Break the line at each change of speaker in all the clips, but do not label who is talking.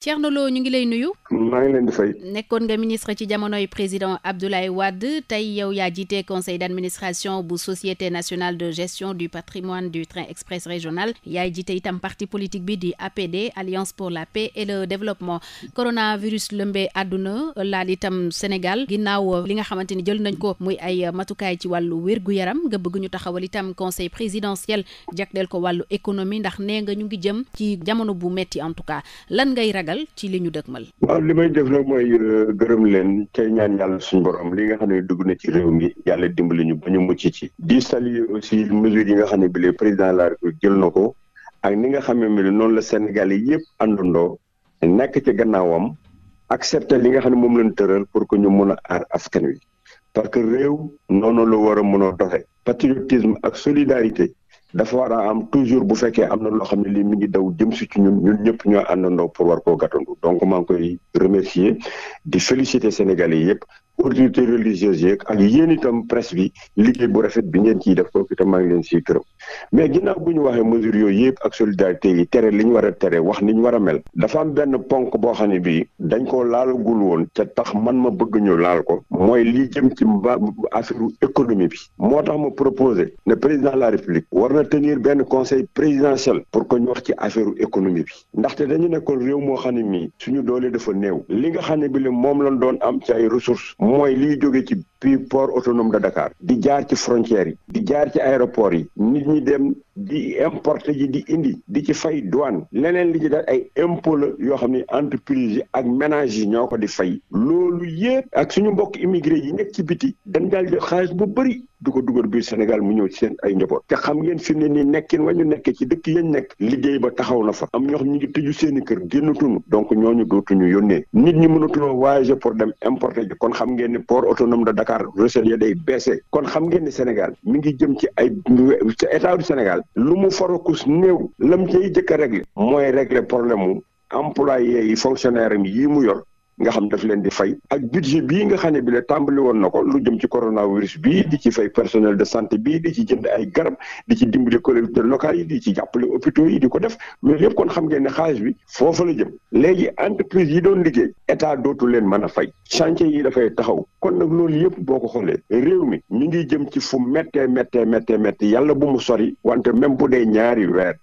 Thierno Lo ñu ngi lay nuyu.
nekkoon
nga ministre ci jamonoy président Abdoulaye Wade tey yow yaa jiite conseil d'administration bu société nationale de gestion du patrimoine du train express régional yaay jiite itam parti politique bi di APD alliance pour la paix et le développement coronavirus lëmbee àdduna laal itam Sénégal ginnaaw li nga xamante ni jël nañ ko muy ay matukaay ci wàllu wér yaram nga bëgg ñu taxawal itam conseil présidentiel jagleel ko wàllu économie ndax nee nga ñu ngi jëm ci jamono bu metti en tout cas lan ngay ragal ragal ci li ñu dëgmal.
waaw li may def nag mooy euh, gërëm leen tey ñaan yàlla suñu borom li nga xam ne dugg na ci réew mi yàlla dimbali ñu ba ñu mucc ci. di saluer aussi mesures yi nga xam ne bi président de la jël na ko ak ni nga xam ne noonu la Sénégal yi yëpp àndandoo nekk ci gannaawam ak accepter li nga xam ne moom lañ tëral pour que ñu mun a aar askan wi parce que réew noonu la war a mun a doxe patriotisme ak solidarité. dafa war a am toujours bu fekkee am na loo xam ne lii mi ngi daw jëm si ci ñun ñun ñëpp ñoo àndandoo pour war koo gàttandu donc maa ngi koy remercier di féliciter Sénégalais yëpp autorités religieuses yeeg ak yéen itam presse bi liggéey bu rafet bi ngeen ciy def kooku itam maa ngi leen si gërëm. mais ginnaaw bu ñu waxee mesures yooyu yëpp ak solidarité yi tere li ñu war a tere wax ni ñu war a mel dafa am benn ponk boo xam ne bii dañ koo laalagul woon ca tax man ma bëgg ñu laal ko mooy li jëm ci mba affaire économie bi moo tax ma proposer ne président la république war na tenir benn conseil présidentiel pour que ñu wax ci affaire économie bi ndaxte dañu nekkoon réew moo xam ne mii suñu doole dafa néew li nga xam ne bi moom lañ doon am ci ay ressources mooy liy jóge ci port autonome de Dakar di jaar ci frontières yi di jaar ci aéroport yi ñuy dem di importer ji di indi di ci fay douane leneen li ci def ay impôt la yoo xam ne entreprise yi ak ménage yi ñoo ko di fay loolu yëpp ak suñu mbokk immigré yi nekk biti dañ daal di xaalis bu bëri du ko dugal biir Sénégal mu ñëw ci seen ay njaboot te xam ngeen fi mu ne nii nekkin wa ñu nekkee ci dëkk yañ nekk liggéey ba taxaw na fa am ñoo xam ñu ngi tëju seen i kër génnatuñu donc ñooñu dootuñu yónnee nit ñi mënatunoo voyager pour dem importer ji kon xam ngeen ne port autonome de Dakar recette ya day baissé kon xam ngeen ne Sénégal mi ngi jëm ci ay état du Sénégal lu mu farakus néew lam cay jëkk a réglé mooy réglé problème mu ye yi fonctionnaire yi mu yor nga xam daf leen di fay ak budget bii nga xam ne bi la tàmbali woon na ko lu jëm ci coronavirus bii di ci fay personnel de santé bii di ci jënd ay garab di ci dimbali collectivités locales yi di ci jàppale hôpitaux yi di ko def loolu yëpp kon xam ngeen ne bi foofu la jëm léegi entreprise yi doon liggéey état dootu leen mën a fay chantier yi dafay taxaw kon nag loolu yëpp boo ko xoolee réew mi mi ngi jëm ci fu méttee méttee méttee méttee yàlla bu mu sori wante même bu dee ñaari weer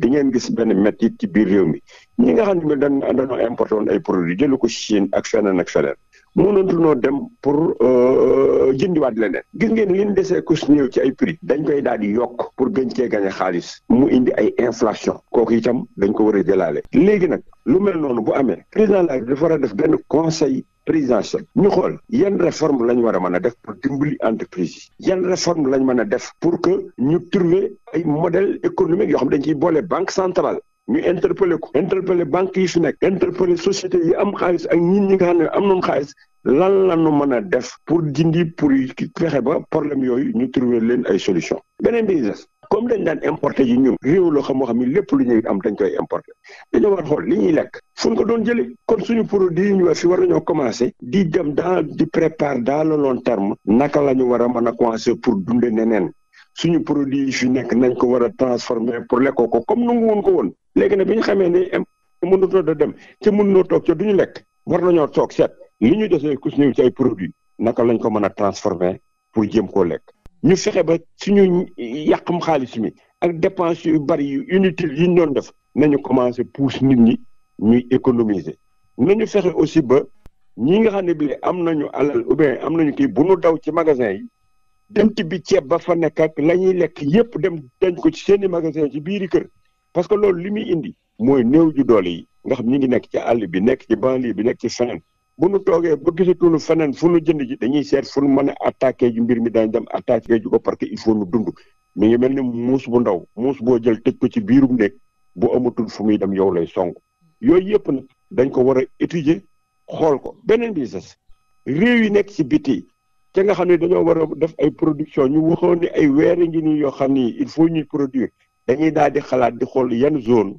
di ngeen gis benn métti ci biir réew mi ñi nga xam ne dañ dañoo importé woon ay produits jëlu ko Chine ak feneen ak feneen mënatuñoo dem pour euh, jëndiwaat leneen gis ngeen li ñu desee ku néew ci ay prix dañ koy daal di yokk pour gën cee gañ xaalis mu indi ay inflation kooku itam dañ ko war a jëlaale léegi nag lu mel noonu bu amee président la dafa war a def benn conseil présidentiel ñu xool yan réforme lañ war a mën a def pour dimbali entreprise yi yan réforme lañ mën a def pour que ñu trouver ay modèle économique yoo xam dañ ciy boole banque centrale ñu interpellé ko interpellé banque yi fi nekk interpellé société yi am xaalis ak ñun ñi nga xam ne am noonu xaalis lan lan ñu mën a def pour dindi pour fexe ba problème yooyu ñu trouver leen ay solution beneen bi des comme dañ daan importer yi ñun réew loo xam moo xam ni lépp lu ñuy am dañ koy importer dañoo war xool li ñuy lekk fu ko doon jëlee kon suñu produit yi ñu wax fi war nañoo commencé di dem dans di prépare dans le long terme naka la ñu war a mën a commencé pour dunde neneen suñu produit yi fi nekk nañ ko war a transformer pour lekkoo ko comme nu mu woon ko woon léegi na bi ñu xamee ne mënutoo da dem ci mënunoo toog ca duñu lekk war nañoo toog seet li ñu desee ku suñu ci ay produit naka lañ ko mën a transformer pour jëm koo lekk ñu fexe ba suñu yàqum xaalis mi ak dépense yu bari yu inutile yi ñu doon na ñu commencé pousse nit ñi ñuy économiser nañu fexe aussi ba ñi nga xam ne bii am nañu alal oubien am nañu kii bu nu daw ci magasin yi dem tibbi ceeb ba fa nekk ak la ñuy lekk yépp dem dañ ko ci seeni magasin ci biiri kër parce que loolu li muy indi mooy new ju doole yi nga xam ñi ngi nekk ci àll bi nekk ci banlieue bi nekk ci feneen bu nu toogee ba gisatuñu feneen fu nu jënd ji dañuy seet fu nu mën a attaqué ji mbir mi daan dem attaqué ji ko parce que il faut nu dund mi ngi mel ni muus bu ndaw muus boo jël tëj ko ci biirum nekk boo amatul fu muy dem yow lay song yooyu yëpp nag dañ ko war a étudier xool ko beneen bi réew yi nekk ci biti ca nga xam ne dañoo war a def ay production ñu waxoon ne ay weeri ngi nii yoo xam ni il faut ñuy produire dañuy daal di xalaat di xool yan zone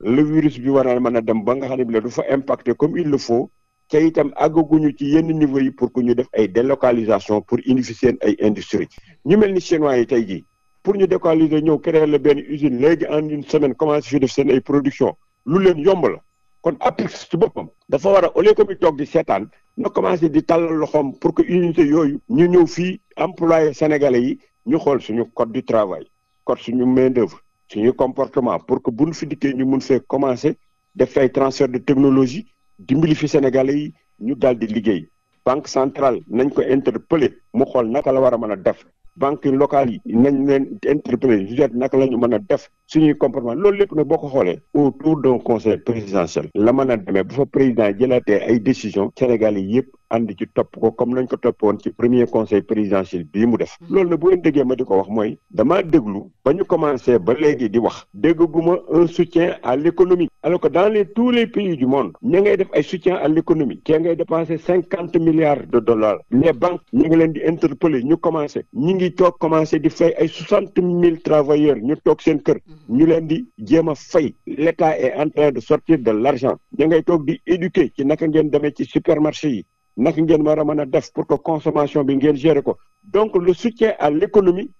le virus bi war a mën a dem ba nga xam ne bi la du fa impacter comme il le faut ca itam àggaguñu ci yenn niveau yi pour que ñu def ay délocalisation pour unifier seen ay industrie ñu mel ni chinois yi tey jii pour ñu délocaliser ñëw créer le benn usine léegi en une semaine commencé fi def seen ay production lu leen yomb kon APIX ci boppam dafa war a au lieu que mu seetaan na commencé di tàllal loxoom pour que unité yooyu ñu ñëw fii employé sénégalais yi ñu xool suñu code du travail code suñu main d'œuvre suñu comportement pour que buñ fi dikkee ñu mun fee commencé def fay transfert de technologie dimbali fi sénégalais yi ñu daal di liggéey banque centrale nañ ko interpellé mu xool naka la war a mën a def banque locale yi nañ leen interpellé jugeet naka la ñu mën a def suñuy comportement lool lép nag boo ko xoolee autour d'un conseil présidentiel la mën a demee bu fa président jëlaatee ay décision sénégali yi yëpp ànd ci topp ko comme nañ ko toppoon ci premier conseil présidentiel bii mu def mm. loolu na bu ngeen déggee di ko wax mooy dama déglu ba ñu commencé ba léegi di wax dégguma un soutien à l'économie alors que dans les tous les pays du monde ña def ay soutien à l'économie kee ngay dépenser cinquante milliards de dollars les banques ñu ngi leen di interpeller ñu commencé ñi ngi toog commencé di fay ay soixante mille travailleurs ñu toog seen kër mm. ñu leen di jéem a fay l'État est en train de sortir de l'argent ña ngay toog di éduquer ci naka ngeen demee ci supermarché yi naka ngeen war a mën a def pour que consommation bi ngeen gérer ko donc le soutien à l'économie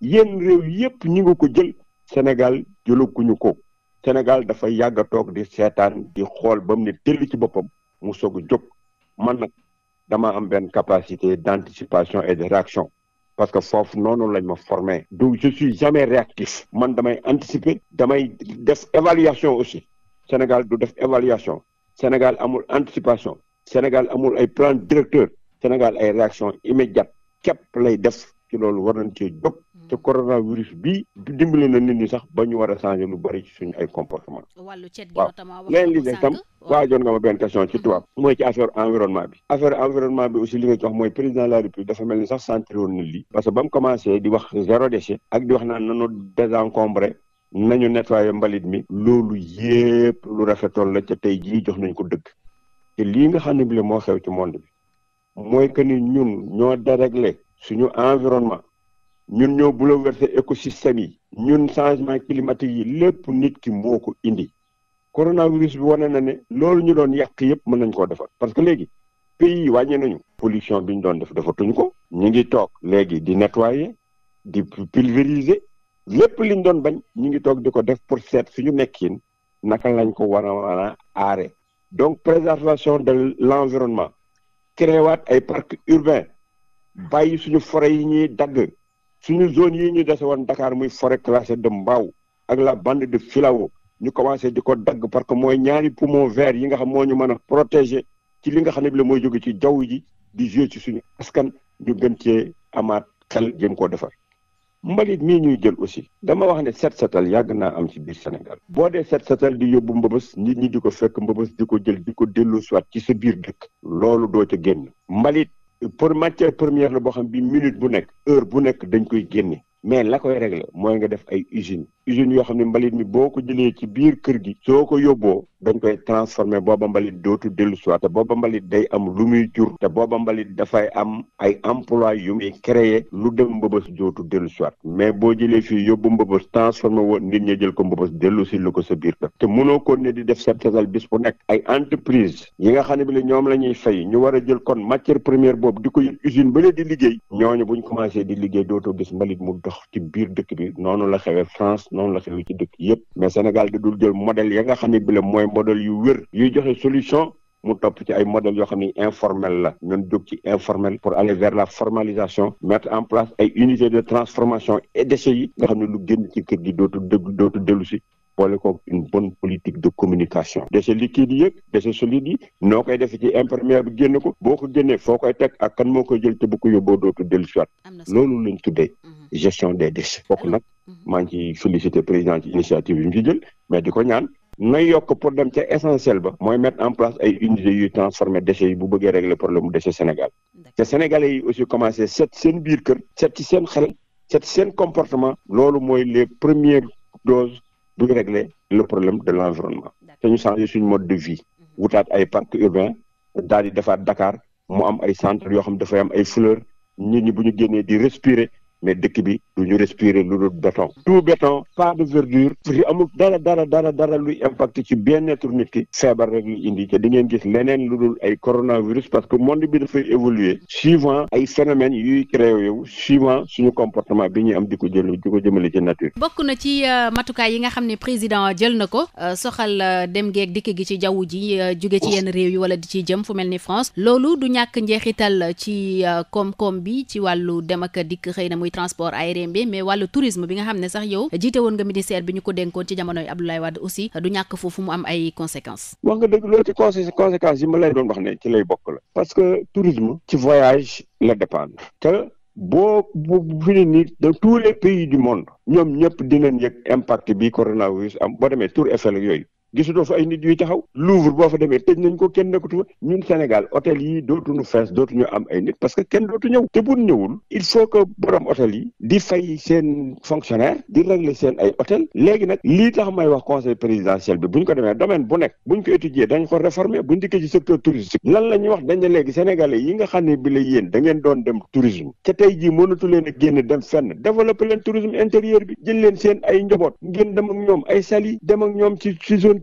yéen réew yépp ñi ngi ko jël Sénégal jëlaguñu ko Sénégal dafa yàgg a toog di seetaan di xool ba mu ne tëll ci boppam mu soog a jóg man nag dama am benn capacité d'anticipation et de réaction parce que foofu noonu lañ ma formé donc je suis jamais réactif man damay anticiper damay def évaluation aussi Sénégal du def évaluation Sénégal amul anticipation Sénégal amul ay plan directeur Sénégal ay réaction immédiate képp lay def ki loolu war nañ cee jóg mm. te coronavirus bi dimbali na nit ñi sax ba ñu war a changer lu bari ci suñu ay comportement waaw leneen li de waa joon nga ma benn question ci mm. tubaab mooy ci affaire environnement bi affaire environnement bi aussi li nga ci wax mooy président la république dafa mel ni sax centré woon na lii parce que ba mu commencé di wax zéro déchet ak di wax naan nanu désencombré nañu nettoyé mbalit mi loolu yépp lu rafetoon la ca tey jii jox nañ ko dëgg te lii nga xam ne bi moo xew ci monde bi mooy que ni ñun ñoo déréglé suñu environnement ñun ñoo bouleversé écosystème yi ñun changement climatique yi lépp nit ki moo ko indi coronavirus bi wane na ne loolu ñu doon yàq yëpp mën nañ koo defar parce que léegi pays yi wàññi nañu pollution bi ñu doon def defatuñ ko ñu ngi toog léegi di nettoyer di pulvériser lépp liñ doon bañ ñu ngi toog di ko def pour seet suñu nekkin naka lañ ko war a war a aare donc préservation de l'environnement créewaat ay parc urbain bàyyi suñu forêt yi ñuy dagg suñu zone yi ñu dese woon Dakar muy fore classée de Mbao ak la bande de Filao ñu commencé di ko dagg parce que mooy ñaari poumon vert yi nga xam moo ñu mën a protéger ci li nga xam ne bi la mooy jóge ci jaww ji di jouer ci suñu askan ñu gën cee amaat xel jëm koo defar mbalit mii ñuy jël aussi dama wax ne set setal yàgg naa am ci biir Sénégal boo dee set setal di yóbbu mbëbës nit ñi di ko fekk mbëbës di ko jël di ko dellu soit ci sa biir dëkk loolu doo ca génn mbalit pour matière première la boo xam bi minute bu nekk heure bu nekk dañ koy génne mais la koy régler mooy nga def ay usine usines yoo xam ne mbalit mi boo ko jëlee ci biir kër gi soo ko yóbboo dañ koy transformé booba mbalit doo dootu dellu soit te booba mbalit day am lu muy jur te booba mbalit dafay am ay emploi yu muy créé lu dem mbëbës dootu dellu soit mais boo jëlee fii yóbbu mbëbës transformé woon nit ñi jël ko mbëbës dellu si lu ko sa biir kër te mënoo ko ne di def set setal bis bu ay entreprise yi nga xam ne bi ñoom la ñuy fay ñu war a jël kon matière première boobu di ko yëg usine bële di liggéey ñooñu buñ commencé di liggéey dootoo gis mbalit mu dox ci biir dëkk bi noonu la xewee France noonu la xew ci dëkk yëpp mais Sénégal da dul jël modèle ya nga xam ne bi la mooy modèle yu wér yuy joxe solution mu topp ci ay modèles yoo xam ne informel la ñun jóg ci informel pour aller vers la formalisation mettre en place ay unités de transformation et déchets yi nga xam ne lu génn ci kër gi dootu dégg dootu dellu si boole ko une bonne politique de communication déchets liquides yëg déchets solides noo koy defee ci imperméable bi génn ko boo ko génnee foo koy teg ak kan moo koy jël te bu ko yóbboo dootu dellu si waat loolu lañ tuddee mm-hmm. gestion des déchets foofu nag mhm. maa ngi ciy sollicité président ci initiative yi mu ci jël mais di ko ñaan na yokk pour dem ca essentiel ba mooy mettre en place ay unités yuy transformer déchets yi bu bëggee régler problème mu déchet Sénégal te sénégalais yi aussi commencé set seen biir kër seen xel set seen comportement loolu mooy les premières doses buy régler le problème de l'environnement te ñu changer suñu mode de vie mhm. wutaat ay parcs urbains daal di defaat Dakar mu am ay centres yoo xam dafay am ay fleurs nit ñi bu ñu génnee di respirer mais dëkk bi du ñu respirer lu dul béton tout béton pas de verdure fi amul dara dara dara dara luy impact ci bien-être nit ki feebar rek lu indi te di ngeen gis leneen lu dul ay coronavirus parce que monde bi dafay évoluer suivant ay phénomènes yuy créé yow suivant suñu comportement bi ñuy am di ko jël di ko jëmale ci nature.
bokk na ci euh, matukaay yi nga xam ne président jël na ko euh, soxal euh, dem geeg dikk gi ci jaww ji jóge ci yenn réew yi wala di ci jëm fu mel ni France loolu du ñàkk njeexital ci koom-koom bi ci wàllu dem ak dikk na muy transport aérien aérien bi mais wàllu tourisme bi nga xam ne sax yow jiite woon nga ministère bi ñu ko dénkoon ci jamonoy Abdoulaye Wade aussi du ñàkk foofu mu am ay conséquences.
wax nga dëgg loolu ci conséquences yi ma lay doon wax ne ci lay bokk la. parce que tourisme. ci voyage la dépendre. te boo bu fi ne nii dans tous les pays du monde. ñoom ñëpp dinañ yëg impact bi coronavirus am boo demee tour Eiffel yooyu. gisutoo fa ay nit yuy taxaw Louvre boo fa demee tëj nañ ko kenn nekkatu fa ñun Sénégal hôtel yi dootuñu fees dootuñu am ay nit parce que kenn dootu ñëw te bu ñëwul il faut que borom hôtel yi di fay seen fonctionnaire di régler seen ay hôtel léegi nag lii tax may wax conseil présidentiel bi bu ko demee domaine bu nekk bu ko étudier dañ ko réformer bu ñu secteur touristique lan la wax dañ ne léegi sénégalais yi nga xam ne bi la yéen da ngeen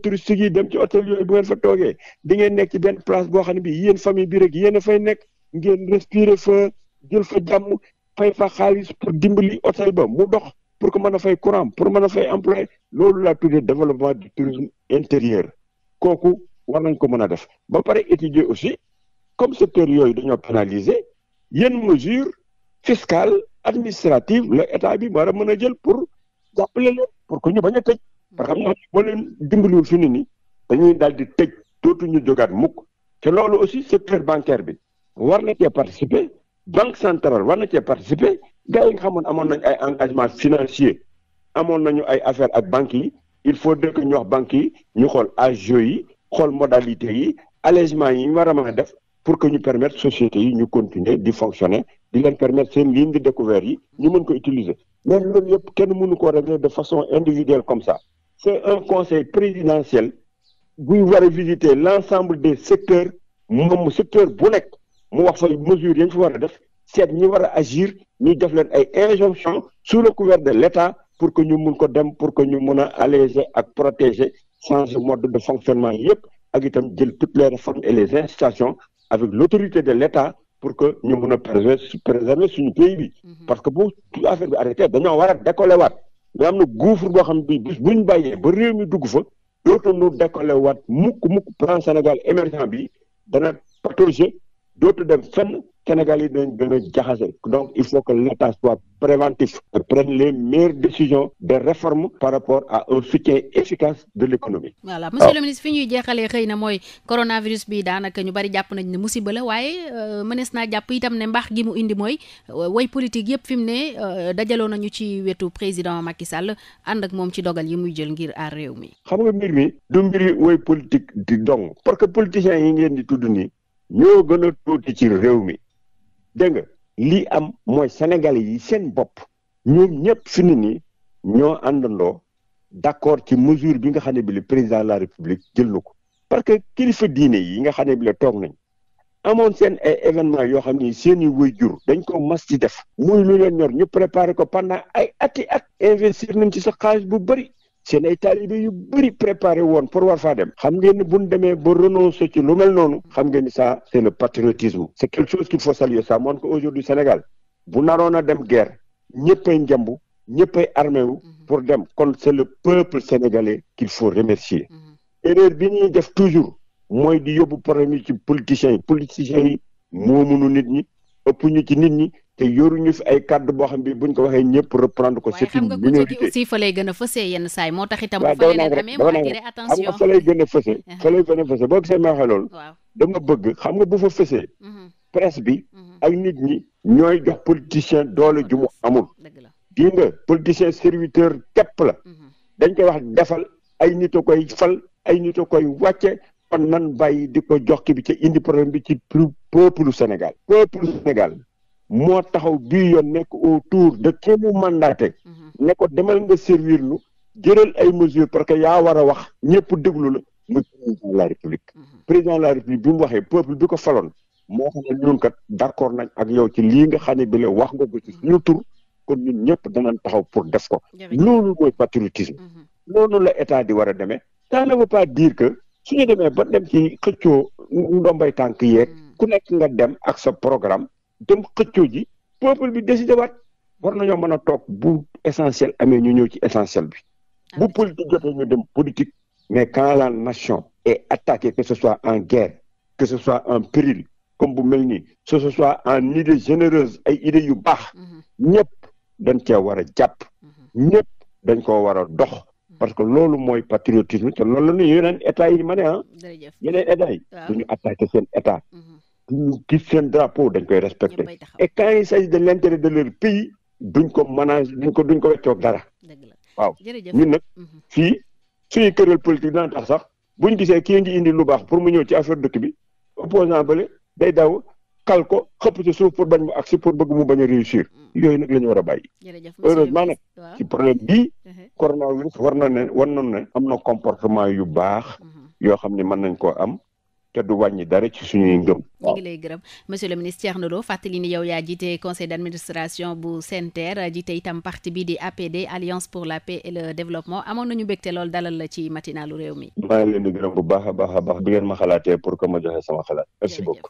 dem touristique yi dem ci hôtel yooyu bu ngeen fa toogee di ngeen nekk ci benn place boo xam ne bii famille bi rek yéen a fay nekk ngeen respirer fa jël fa jàmm fay fa xaalis pour dimbali hôtel ba mu dox pour que mën a fay courant pour mën a fay employé loolu laa tuddee développement du tourisme intérieur kooku war nañ ko mën a def ba pare étudier aussi comme secteur yooyu dañoo pénaliser yenn mesures fiscales administratives la état bi war a mën a jël pour jàppale parce que xam nga boo leen dimbaliwul fi ni nii dañuy daal di tëj ñu jogaat mukk te loolu aussi secteur bancaire bi war na cee participer banque centrale war na cee participer gars yi nga xamoon amoon nañ ay engagement financier amoon nañu ay affaire ak banques yi il faut que ñu wax banque yi ñu xool agios yi xool modalité yi allègement yi ñu war a mën def pour que ñu permettre sociétés yi ñu continuer di fonctionner di leen permettre seen ligne de découvert yi ñu mën ko utiliser mais loolu yëpp kenn mënu ko régler de façon individuelle comme ça c'est un conseil présidentiel buy war a visiter l'ensemble des secteurs moom secteur bu nekk mu wax fa mesures yañ fi war a def seet ñi war a agir ñu def leen ay injonction sous le couvert de l'État pour que ñu mun ko dem pour que ñu mun a alléger ak protéger changer mode de fonctionnement yépp ak itam jël toutes les réformes et les incitations avec l'autorité de l'État pour que ñu mun a préserver préserver suñu pays bi mm-hmm. parce que bu affaire bi arrêté dañoo war a décoller waat mais am na gouffre boo xam bi bis buñ bàyyee ba réew mi dugg fa dootuñu décoller waat mukk mukk plan Sénégal émergent bi dana patauger dootu dem fenn Sénégal yi dañ gën a jaxase donc il faut que l'État soit préventif et les meilleures décisions de réforme par rapport à un soutien efficace de l'économie
voilà monsieur ah. le ministre fi ñuy jeexalee xëy na mooy coronavirus bi daanaka ñu bari jàpp nañ ne musiba la waaye euh, mënees naa jàpp itam ne mbaax gi mu indi mooy euh, way politique yépp fi mu ne euh, dajaloo nañu ci wetu président Macky Sall ànd ak moom ci dogal yi muy jël ngir aar réew mi
xam nga mbir mi du mbiri way politique di dong parce que politiciens yi ngeen di tudd nii ñoo gën a tuuti ci réew mi dégg nga lii am mooy sénégalais yi seen bopp ñoom ñëpp fi ni nii ñoo àndandoo d'accord ci mesure bi nga xam ne bi le président de la république jël na ko parce que kilifa diine yi nga xam ne bi la toog nañ amoon seen ay événement yoo xam ni seen i waajur dañ ko mas ci def muy lu leen ñor ñu préparer ko pendant ay ati at investir nañ ci sa xaalis bu bëri seen ay taalibe yu bëri préparé woon pour war faa dem xam ngeen ni buñ ba renoncer ci lu mel noonu c'est le patriotisme c'est quelque chose qu'il faut saluer ça moon ko aujourd'hui Sénégal bu naroon a dem guerre ñëppay njambu ñëppay armé wu mhm. pour dem kon c'est le peuple sénégalais qu'il faut remercier mhm. erreur bi ñuy def toujours mooy di yóbbu problème yi ci politiciens yi politiciens yi moomuñu nit ñi ëpp ñu ci nit ñi te yoruñu fi ay kàddu boo xam bi buñ ko waxee ñëpp reprendre ko c'est une minorité waaye xam nga
aussi fa lay gën a fësee yenn saa yi moo tax itam. waaw fa lay
gën a fësee. fa lay gën a fësee boo gisee ma waxee dama bëgg xam nga bu fa fësee. Mm-hmm. presse bi mm-hmm. ak nit ñi ñooy jox politicien doole ju mm-hmm. amul. di politicien serviteur képp la. dañ koy wax defal ay nit a koy fal ay nit a koy wàcce nan bàyyi di ko jox ki bi ci indi bi ci peuple Sénégal. peuple Sénégal. moo taxaw bii yoon nekk autour de kii mu mandaté mhm. ne ko demal nga servir lu jëral ay mesures parce que yaa war a wax ñëpp déglu la muy président de la république mhm. président de la république bi mu waxee peuple bi ko faloon moo xam ne ñun kat d'accord nañ ak yow ci lii nga xam bi la wax nga ko ci suñu mhm. kon ñun ñëpp danañ taxaw pour def ko loolu mooy patriotisme loolu la état di war a demee ça ne veut pas dire que suñu demee ba dem ci xëccoo ndombay tànk yeeg ku nekk nga dem ak sa programme dem xëccoo ji peuple bi décidé waat war nañoo mën a toog bu essentiel amee ñu ñëw ci essentiel bi ah, bu politique jotee ñu dem politique mais quand la nation est attaquée que ce soit en guerre que ce soit en péril comme bu mel nii que ce soit en idée généreuse ay idées yu baax mhm. ñëpp dañ cee war a jàpp mhm. ñëpp dañ koo war a dox mhm. parce que loolu mooy patriotisme te loolu la ñu yeneen état yi ma ne ah yeneen état yi duñu attaqué seen état ñu gis seen drapeau dañ koy respecté et quand il s'agit de l'intérêt de leur pays duñ ko manage duñ ko duñ ko weccoog dara waaw ñun nag mhm. fii suñu këral politique dina tax sax buñ gisee kii ngi indi lu baax pour mu ñëw ci affaire dëkk bi opposant bële day daw kal xëpp ci suuf pour bañ mu agsi pour bëgg mu bañ a réussir mm. yooyu nag la war a bàyyi heureusement nag ci problème bii uh-huh. coronavirus war na ne am na comportement yu baax mm-hmm. yoo xam ne mën nañ koo am te du wàññi dara ci suñuy ngëm.
ñu ngi lay gërëm monsieur le ministre fàttali ni yow yaa jiite conseil d' bu SENTER jiite itam parti bi di APD alliance pour la paix et le développement amoon nañu mbégte lool dalal la ci matinalu réew mi.
maa leen di gërëm bu baax a baax a baax bi ma xalaatee pour que ma joxe sama xalaat. merci beaucoup.